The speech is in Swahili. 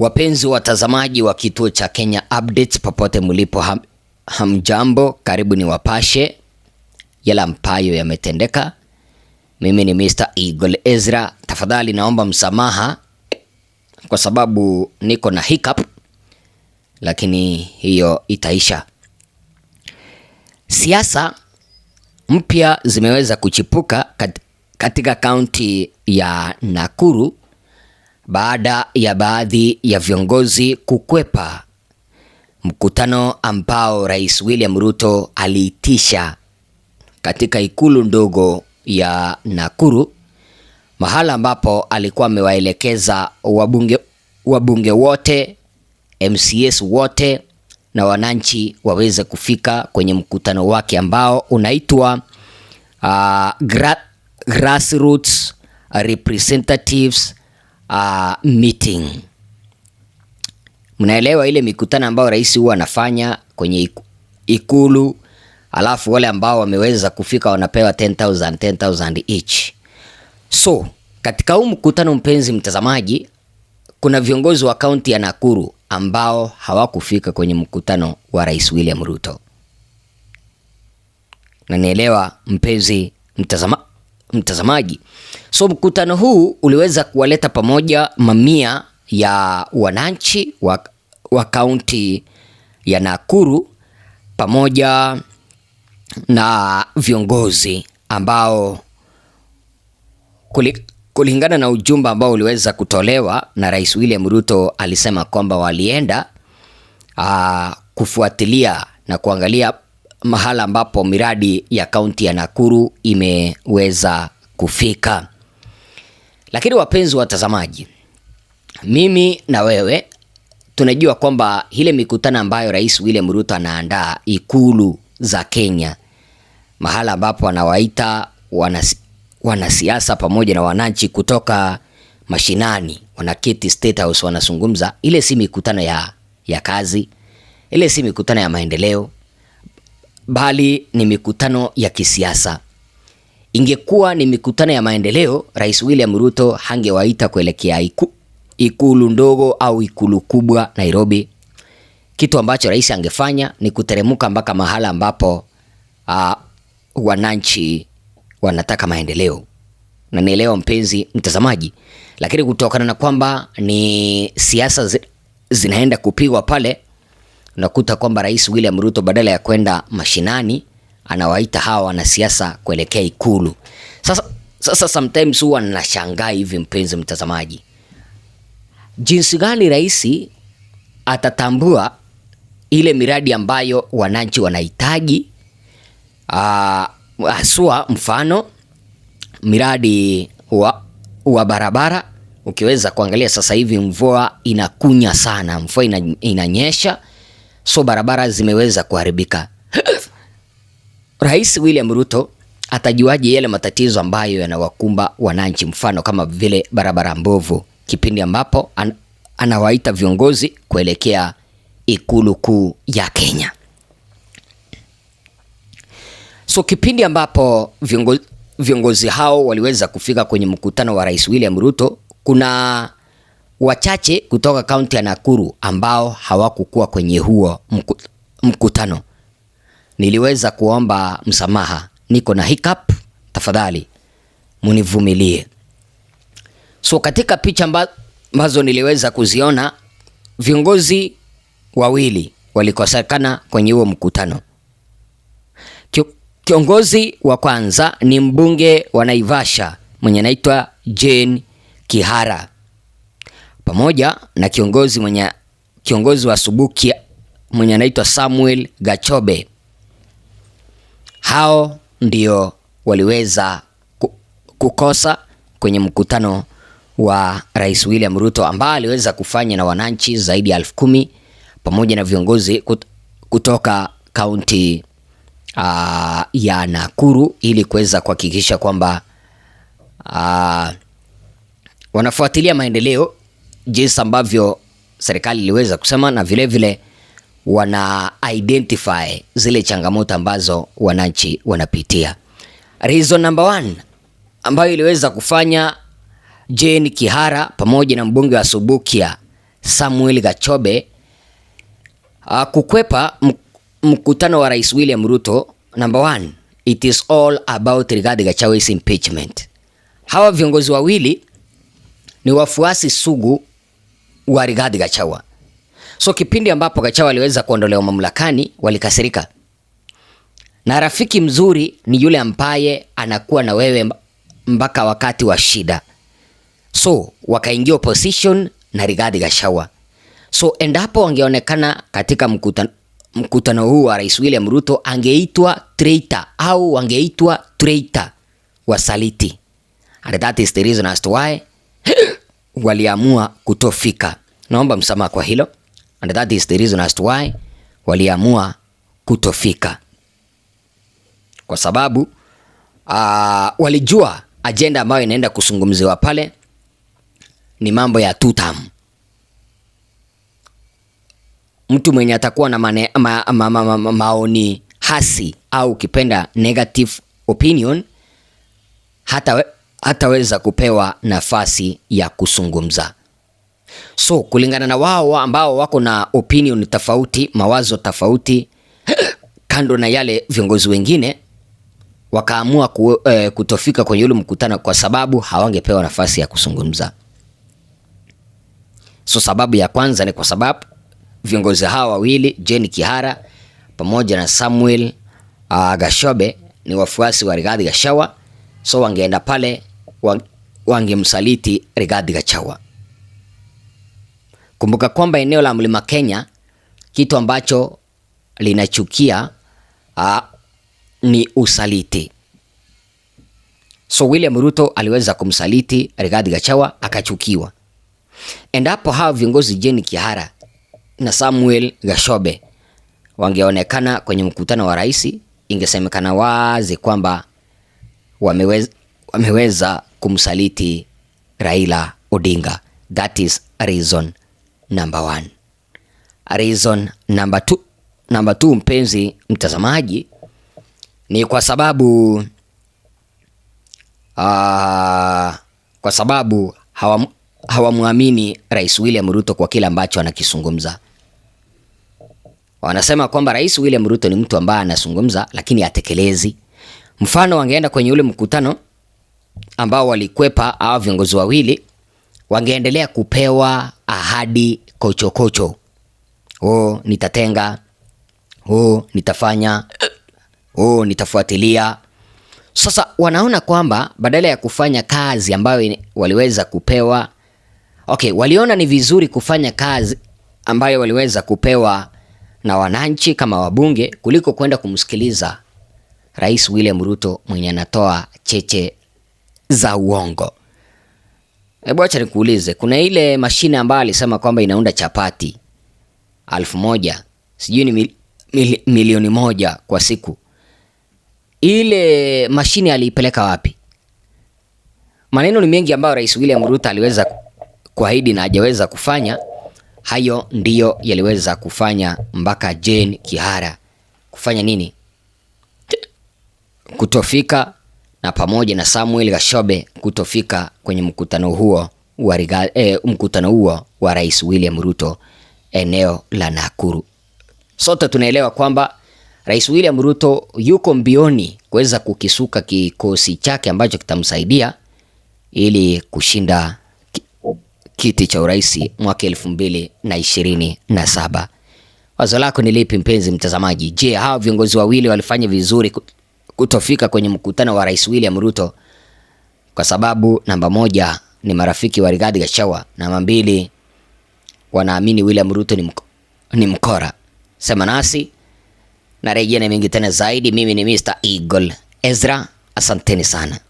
Wapenzi watazamaji wa kituo cha Kenya Updates popote mlipo, ham, hamjambo. Karibu ni wapashe yala mpayo yametendeka. Mimi ni Mr. Eagle Ezra. Tafadhali naomba msamaha kwa sababu niko na hiccup, lakini hiyo itaisha. Siasa mpya zimeweza kuchipuka katika kaunti ya Nakuru baada ya baadhi ya viongozi kukwepa mkutano ambao Rais William Ruto aliitisha katika ikulu ndogo ya Nakuru, mahala ambapo alikuwa amewaelekeza wabunge, wabunge wote mcs wote na wananchi waweze kufika kwenye mkutano wake ambao unaitwa uh, Grassroots Representatives uh, meeting. Mnaelewa ile mikutano ambayo rais huwa anafanya kwenye ikulu, alafu wale ambao wameweza kufika wanapewa 10000 10000 each. So katika huu mkutano, mpenzi mtazamaji, kuna viongozi wa kaunti ya Nakuru ambao hawakufika kwenye mkutano wa Rais William Ruto. Nanielewa mpenzi mtazama mtazamaji. So mkutano huu uliweza kuwaleta pamoja mamia ya wananchi wa, wa kaunti ya Nakuru pamoja na viongozi ambao kuli, kulingana na ujumbe ambao uliweza kutolewa na Rais William Ruto alisema kwamba walienda aa, ah, kufuatilia na kuangalia mahala ambapo miradi ya kaunti ya Nakuru imeweza kufika. Lakini wapenzi watazamaji, mimi na wewe tunajua kwamba ile mikutano ambayo Rais William Ruto anaandaa ikulu za Kenya, mahala ambapo anawaita wanasi, wanasiasa pamoja na wananchi kutoka mashinani wanaketi State House wanazungumza, ile si mikutano ya, ya kazi, ile si mikutano ya maendeleo bali ni mikutano ya kisiasa. Ingekuwa ni mikutano ya maendeleo, Rais William Ruto hangewaita kuelekea iku, ikulu ndogo au ikulu kubwa Nairobi. Kitu ambacho rais angefanya ni kuteremuka mpaka mahala ambapo uh, wananchi wanataka maendeleo na nielewa mpenzi mtazamaji, lakini kutokana na kwamba ni siasa zinaenda kupigwa pale unakuta kwamba Rais William Ruto badala ya kwenda mashinani anawaita hawa wanasiasa kuelekea Ikulu. Sasa, sasa sometimes huwa nashangaa hivi, mpenzi mtazamaji, jinsi gani rais atatambua ile miradi ambayo wananchi wanahitaji ah, haswa, mfano miradi wa, wa barabara. Ukiweza kuangalia sasa hivi mvua inakunya sana, mvua inanyesha ina so barabara zimeweza kuharibika. Rais William Ruto atajuaje yale matatizo ambayo yanawakumba wananchi, mfano kama vile barabara mbovu, kipindi ambapo an anawaita viongozi kuelekea ikulu kuu ya Kenya. So kipindi ambapo viongozi, viongozi hao waliweza kufika kwenye mkutano wa Rais William Ruto, kuna wachache kutoka kaunti ya Nakuru ambao hawakukuwa kwenye huo mkutano. Niliweza kuomba msamaha, niko na hiccup, tafadhali munivumilie. So katika picha ambazo niliweza kuziona, viongozi wawili walikosekana kwenye huo mkutano. Kiongozi wa kwanza ni mbunge wa Naivasha mwenye anaitwa Jane Kihara pamoja na kiongozi mwenye kiongozi wa subuki mwenye anaitwa Samuel Gachobe. Hao ndio waliweza kukosa kwenye mkutano wa Rais William Ruto ambaye aliweza kufanya na wananchi zaidi ya elfu kumi pamoja na viongozi kutoka kaunti uh, ya Nakuru ili kuweza kuhakikisha kwamba uh, wanafuatilia maendeleo jinsi ambavyo serikali iliweza kusema na vilevile vile wana identify zile changamoto ambazo wananchi wanapitia. Reason number one ambayo iliweza kufanya Jane Kihara pamoja na mbunge wa Subukia Samuel Gachobe ah, kukwepa mkutano wa Rais William Ruto, number one, it is all about Rigathi Gachagua impeachment. Hawa viongozi wawili ni wafuasi sugu wa Rigathi Gachagua. So kipindi ambapo Gachagua aliweza kuondolewa mamlakani walikasirika, na rafiki mzuri ni yule ambaye anakuwa na wewe mpaka wakati wa shida. So wakaingia opposition na Rigathi Gachagua. So endapo wangeonekana katika mkutano, mkutano huu wa Rais William Ruto angeitwa traitor au wangeitwa traitor wasaliti. And that is the reason as to why waliamua kutofika. Naomba msamaha kwa hilo, and that is the reason as to why waliamua kutofika, kwa sababu uh, walijua ajenda ambayo inaenda kuzungumziwa pale ni mambo ya tutam. Mtu mwenye atakuwa na mane, ma, ma, ma, ma, maoni hasi au ukipenda negative opinion hata we, ataweza kupewa nafasi ya kuzungumza. So kulingana na wao ambao wako na opinion tofauti, mawazo tofauti, kando na yale viongozi wengine wakaamua ku, eh, kutofika kwenye ule mkutano kwa sababu hawangepewa nafasi ya kuzungumza. So sababu ya kwanza ni kwa sababu viongozi hawa wawili Jane Kihara pamoja na Samuel uh, Gashobe ni wafuasi wa Rigathi Gachagua, so wangeenda pale wangemsaliti Rigathi Gachagua. Kumbuka kwamba eneo la Mlima Kenya kitu ambacho linachukia a, ni usaliti. So William Ruto aliweza kumsaliti Rigathi Gachagua akachukiwa. Endapo hawa viongozi Jane Kihara na Samuel Gashobe wangeonekana kwenye mkutano wa rais, ingesemekana wazi kwamba wameweza, wameweza kumsaliti Raila Odinga. That is reason number one. Reason number two, number two, mpenzi mtazamaji, ni kwa sababu uh, kwa sababu hawamwamini hawamwamini Rais William Ruto kwa kile ambacho anakizungumza. Wanasema kwamba Rais William Ruto ni mtu ambaye anazungumza lakini atekelezi. Mfano wangeenda kwenye ule mkutano ambao walikwepa hawa viongozi wawili wangeendelea kupewa ahadi kochokocho, oh, nitatenga, oh, nitafanya, oh, nitafuatilia. Sasa wanaona kwamba badala ya kufanya kazi ambayo waliweza kupewa okay, waliona ni vizuri kufanya kazi ambayo waliweza kupewa na wananchi kama wabunge kuliko kwenda kumsikiliza Rais William Ruto mwenye anatoa cheche za uongo. Hebu acha nikuulize, kuna ile mashine ambayo alisema kwamba inaunda chapati alfu moja sijui ni mil, mil, milioni moja kwa siku. Ile mashine aliipeleka wapi? Maneno ni mengi ambayo Rais William Ruto aliweza kuahidi na hajaweza kufanya. Hayo ndiyo yaliweza kufanya mpaka Jane Kihara kufanya nini? Kutofika na pamoja na Samuel Gashobe kutofika kwenye mkutano huo wa e, mkutano huo wa Rais William Ruto eneo la Nakuru. Sote tunaelewa kwamba Rais William Ruto yuko mbioni kuweza kukisuka kikosi chake ambacho kitamsaidia ili kushinda kiti cha urais mwaka elfu mbili na ishirini na saba. Wazo lako ni lipi mpenzi mtazamaji? Je, hawa viongozi wawili walifanya vizuri kutofika kwenye mkutano wa Rais William Ruto kwa sababu namba moja ni marafiki wa Rigathi Gachagua, namba mbili wanaamini William Ruto ni, mko, ni mkora. Sema nasi na rejea na mengi tena zaidi. Mimi ni Mr. Eagle Ezra, asanteni sana.